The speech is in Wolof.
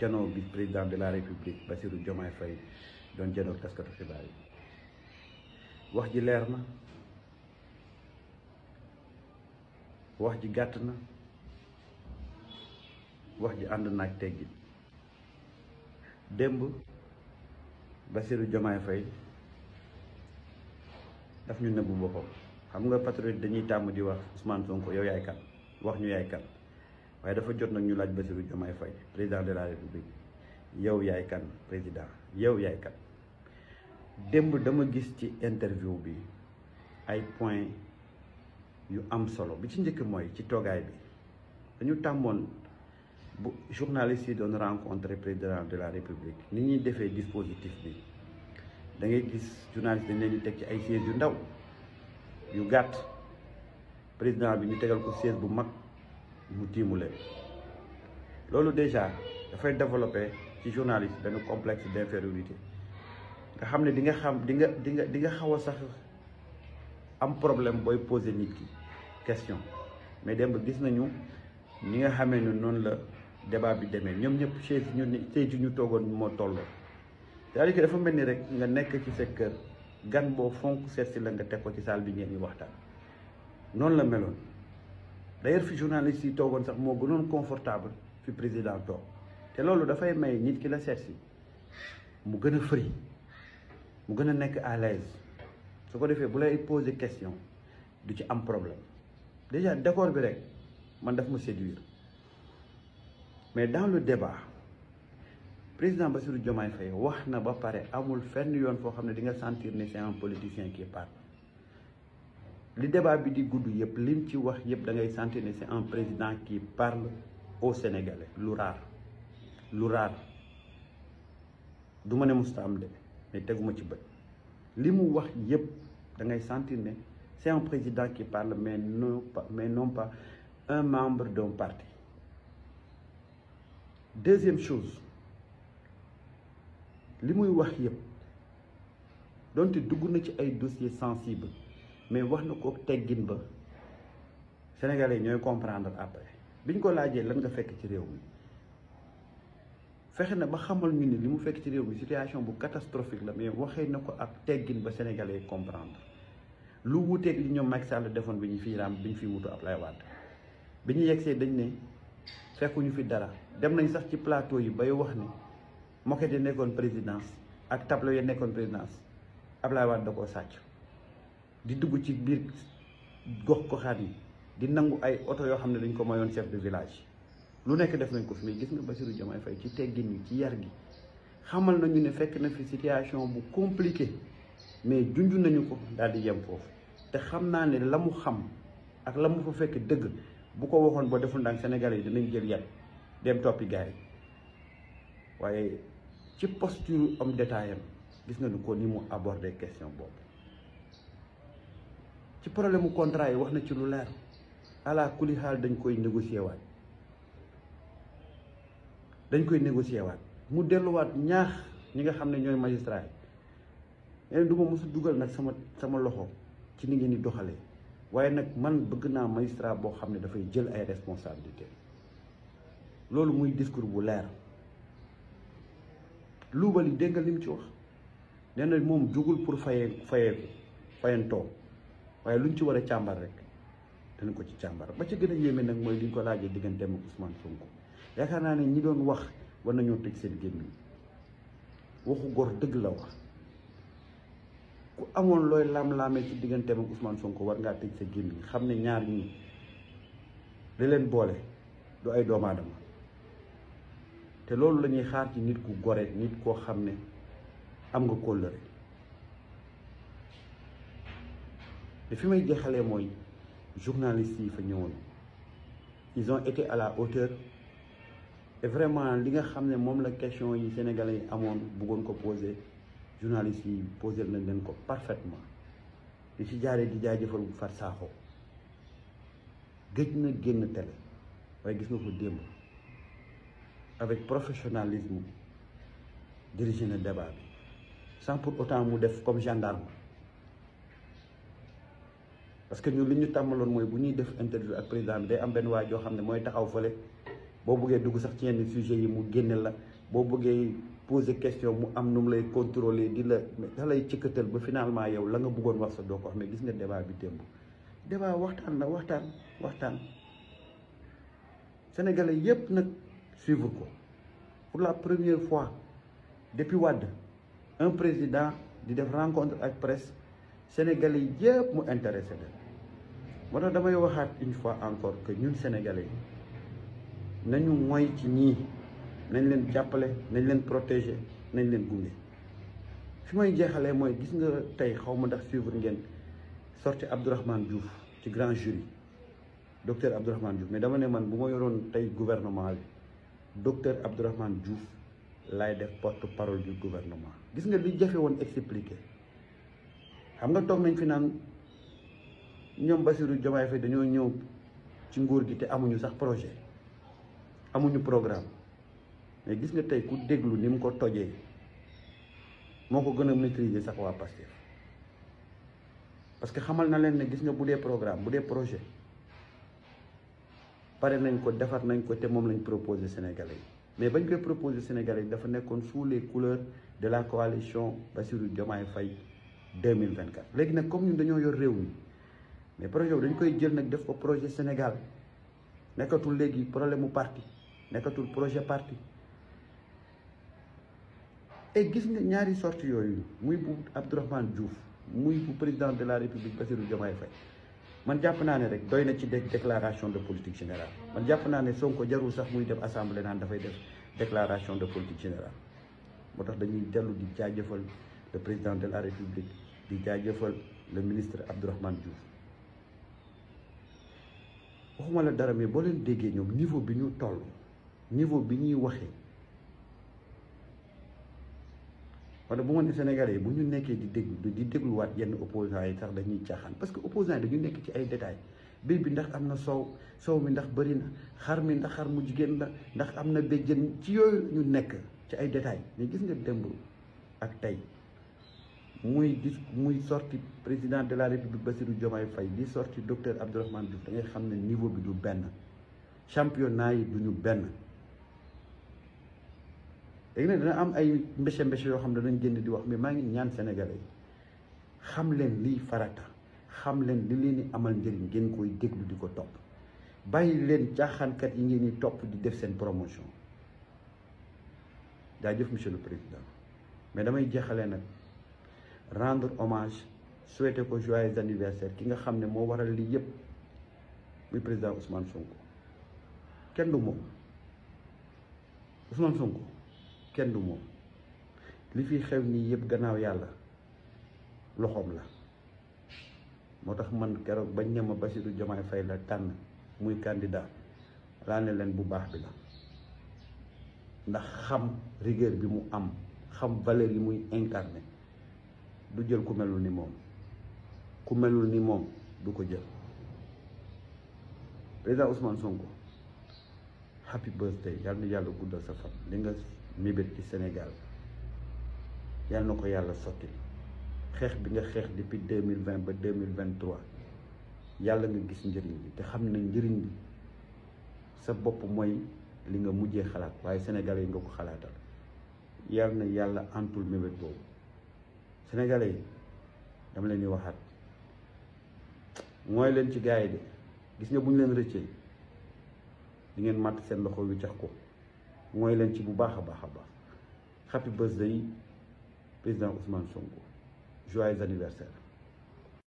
janoo bi président de la république Bassirou Diomaye fay doon janoo taskatu xibaar yi wax ji leer na wax ji gàtt na wax ji ànd naag teggi démb Bassirou Diomaye Faye daf ñu nëbbu boppam xam nga patriote dañuy tàmm di wax Ousmane sonk yow yaay kan wax ñu yaay kan waaye dafa jot nag ñu laaj ba Bassirou Diomaye faj président de la république yow yaay kan président yow yaay kan démb dama gis ci interview bi ay point yu am solo bi ci njëkk mooy ci toogaay bi dañu tàmmoon bu journaliste yi doon rencontré président de la république ni ñuy defee dispositif bi dangay gis journaliste dañ teg ci ay siège yu ndaw yu gàtt président bi ñu tegal ko siège bu mag mu tiimu leen loolu déjà dafay développer ci journaliste benn complexe d'infériorité nga xam ne di nga xam di nga di nga di nga xaw a sax am problème booy poser nit ki question mais démb gis nañu ni nga xamee ni noonu la débat bi demee ñoom ñëpp chaise ñu ni chaise ñu toogoon moo tolloo c'est-à-dire dafa mel ni rek nga nekk ci sa kër gan boo fonk seet si la nga teg ko ci salle bi ngeen ñu waxtaan noonu la meloon. d'ailleurs fi journaliste yi toogoon sax moo gënoon confortable fi président toog te loolu dafay may nit ki la seet si mu gën a free mu gën a nekk à l'aise su ko defee bu lay poser question du ci am problème déjà décor bi rek man daf ma séduire mais dans le débat président Bassirou Diomaye Faye wax na ba pare amul fenn yoon foo xam ne di nga sentir ne c'est un politicien qui parle li débat bi di gudd yëpp mu ci wax yëpp dangay ngay sentir ne c'est un président ki parle aux Sénégalais lu rare lu rare du ne musta am de mais teguma ci bët li mu wax yëpp da ngay sentir ne c'est un président ki parle mais non pas mais non pas un membre d'un parti deuxième chose li muy wax yëpp donte dugg na ci ay dossiers sensibles mais wax na ko teggin ba sénégalais yi ñooy comprendre après biñ ko laajee lan nga fekk ci réew mi fexe na ba xamal ñu ni li mu fekk ci réew mi situation bu catastrophique la mais waxee na ko ak teggin ba sénégalais comprendre lu wuuteeg li ñoom Macky Sall defoon bi ñu fiy raam bi ñu fiy wutu Abdoulaye Wade bi ñu yegsee dañ ne fekkuñu fi dara dem nañ sax ci plateau yi bay wax ni moquette yi nekkoon présidence ak tableau yi nekkoon présidence Abdoulaye Wade da koo di dugg ci biir gox goxaat yi di nangu ay oto yoo xam ne dañ ko mayoon chef de village lu nekk def nañ ko fi mais gis nga Bassirou Diomaye fay ci teggin yi ci yar gi xamal nañu ne fekk na fi situation bu compliqué mais junj nañu ko daal di yem foofu te xam naa ne la mu xam ak la mu fa fekk dëgg bu ko waxoon boo deful ndànk Sénégalais yi dinañ jël yat dem toppi gars yi waaye ci posture am détaillam gis nga ni ko ni mu abordé question boobu ci problème mu contrat yi wax na ci lu leer ala kuli xaal dañ koy négocier waat dañ koy négocier waat mu delluwaat ñaax ñi nga xam ne ñooy magistrat yi leen eh, du ma mos dugal nag sama sama loxo ci ni ngeen di doxalee waaye nag man bëgg naa magistrat boo xam ne dafay jël ay responsabilité loolu muy discours bu leer luubal yi dégg lim ci wax nee moom jógul pour fayee fayeeku fayantoo waaye luñ ci war a càmbar rek dana ko ci càmbar ba ci gën a yéeme nag mooy liñ ko laajee digganteem ak Ousmane Sonko yaakaar naa ne ñi doon wax war nañoo tëj seen gémmiñ waxu góor dëgg la wax ku amoon looy laam-laamee ci digganteem ak Ousmane Sonko war ngaa tëj sa gémmiñ xam ne ñaar ñii li leen boole du ay doomu te loolu lañuy xaar ci nit ku gore nit koo xam ne am nga kóllëre te fi may jeexalee mooy journalistes yi fa ñëwoon ils ont été à la hauteur et vraiment li nga xam ne moom la question yi sénégalais yi amoon buggoon ko poser journalistes yi poser nañ leen ko parfaitement di ci jaaree di jaajëfal Fat Sakho gëj na génn télé waaye gis nga ko démb avec professionnalisme dirigé na débat bi sans pour autant mu def comme gendarme parce que ñun li ñu tàmmaloon mooy bu ñuy def interview ak président bi day am benn waay joo xam ne mooy taxaw fële boo bëggee dugg sax ci yenn sujet yi mu génne la boo bëggee poser question mu am nu mu lay contrôler di la da lay cëkkatal ba finalement yow la nga bëggoon wax sa doo ko wax mais gis nga débat bi démb débat waxtaan la waxtaan waxtaan sénégalais yépp nag suivre ko pour la première fois depuis Wade un président di def rencontre ak presse sénégalais yépp mu intéressé moo tax damay waxaat une fois encore que ñun sénégalais yi nañu moy ci ñii nañ leen jàppale nañ leen protéger nañ leen gunge fi may jeexalee mooy gis nga tey xaw ma ndax suivre ngeen sorti Abdourahmane Diouf ci grand jury docteur Abdourahmane Diouf mais dama ne man bu ma yoroon tey gouvernement bi docteur Abdourahmane Diouf laay def porte parole du gouvernement gis nga li jafe woon expliqué xam nga toog nañ fi naan ñoom Bassirou Diomaye Faye dañoo ñëw ci nguur gi te amuñu sax projet amuñu programme mais gis nga tey ku déglu ni mu ko tojee moo ko gën a maîtriser sax waa Pastef parce que xamal na leen ne gis nga bu dee programme bu dee projet pare nañ ko defar nañ ko te moom lañ proposé Sénégalais yi mais bañ koy proposé Sénégalais yi dafa nekkoon sous les couleurs de la coalition Bassirou Diomaye Faye 2024 léegi nag comme ñun dañoo yor réew mi mais projet boobu dañ koy jël nag def ko projet Sénégal nekkatul léegi problème mu parti nekkatul projet parti et gis nga ñaari sorte yooyu muy bu Abdourahmane Diouf muy bu président de la République Bassirou Diomaye Faye man jàpp naa ne rek doy na ci déclaration de politique générale man jàpp naa ne Sonko jarul sax muy def assemblée naan dafay def déclaration de politique générale moo tax dañuy dellu di jaajëfal le président de la République di jaajëfal le ministre Abdourahmane Diouf waxuma la dara mii boo leen déggee ñoom niveau bi ñu toll niveau bi ñuy waxee wala bu ma ne Sénégalais yi bu ñu nekkee di déglu di dégluwaat yenn opposants yi tax dañuy caaxaan parce que opposants yi dañu nekk ci ay détails biir bi ndax am na soow soow mi ndax bëri na xar mi ndax xar mu jigéen la ndax am na béjjën ci yooyu ñu nekk ci ay détails mais gis nga démb ak tey muy dis muy sorti président de la république Bassirou Diomaye Faye di sorti docteur Abdourahmane Diouf da ngay xam ne niveau bi du benn championnat yi du ñu benn léegi nag dana am ay mbéche mbéche yoo xam ne danañ génn di wax mais maa ngi ñaan sénégalais yi xam leen liy farata xam leen li leen di amal njëriñ ngeen koy déglu di ko topp bàyyi leen caaxaankat yi ngeen di topp di def seen promotion jaajëf monsieur le président mais damay jeexalee nag rendre hommage souhaiter ko joyeux anniversaire ki nga xam ne moo waral lii yëpp muy président Ousmane Sonko kenn du moom Ousmane Sonko kenn du moom li fi xew nii yëpp gannaaw yàlla loxoom la moo tax man keroog bañ ne ma Bassirou Diomaye Faye la tànn muy candidat laa ne leen bu baax bi la ndax xam rigueur bi mu am xam valeur yi muy incarné du jël ku melul ni moom ku melul ni moom du ko jël président son Sonko happy birthday yàlla na yàlla guddal sa fan nga mébét ci Sénégal yàlla na ko yàlla sotti xeex bi nga xeex depuis deux mille vingt ba deux mille vingt yàlla nga gis njëriñ bi te xam na njëriñ bi sa bopp mooy li nga mujjee xalaat waaye sénégalais yi nga ko xalaatal yàlla na yàlla antul mébét boobu sénégalais yi dama leen di waxaat mooy leen ci gars yi de gis nga bu ñu leen rëccee di ngeen màtt seen loxo wi cax ko mooy leen ci bu baax a baax a baax happy birthday président Ousmane Sonko joyeux anniversaire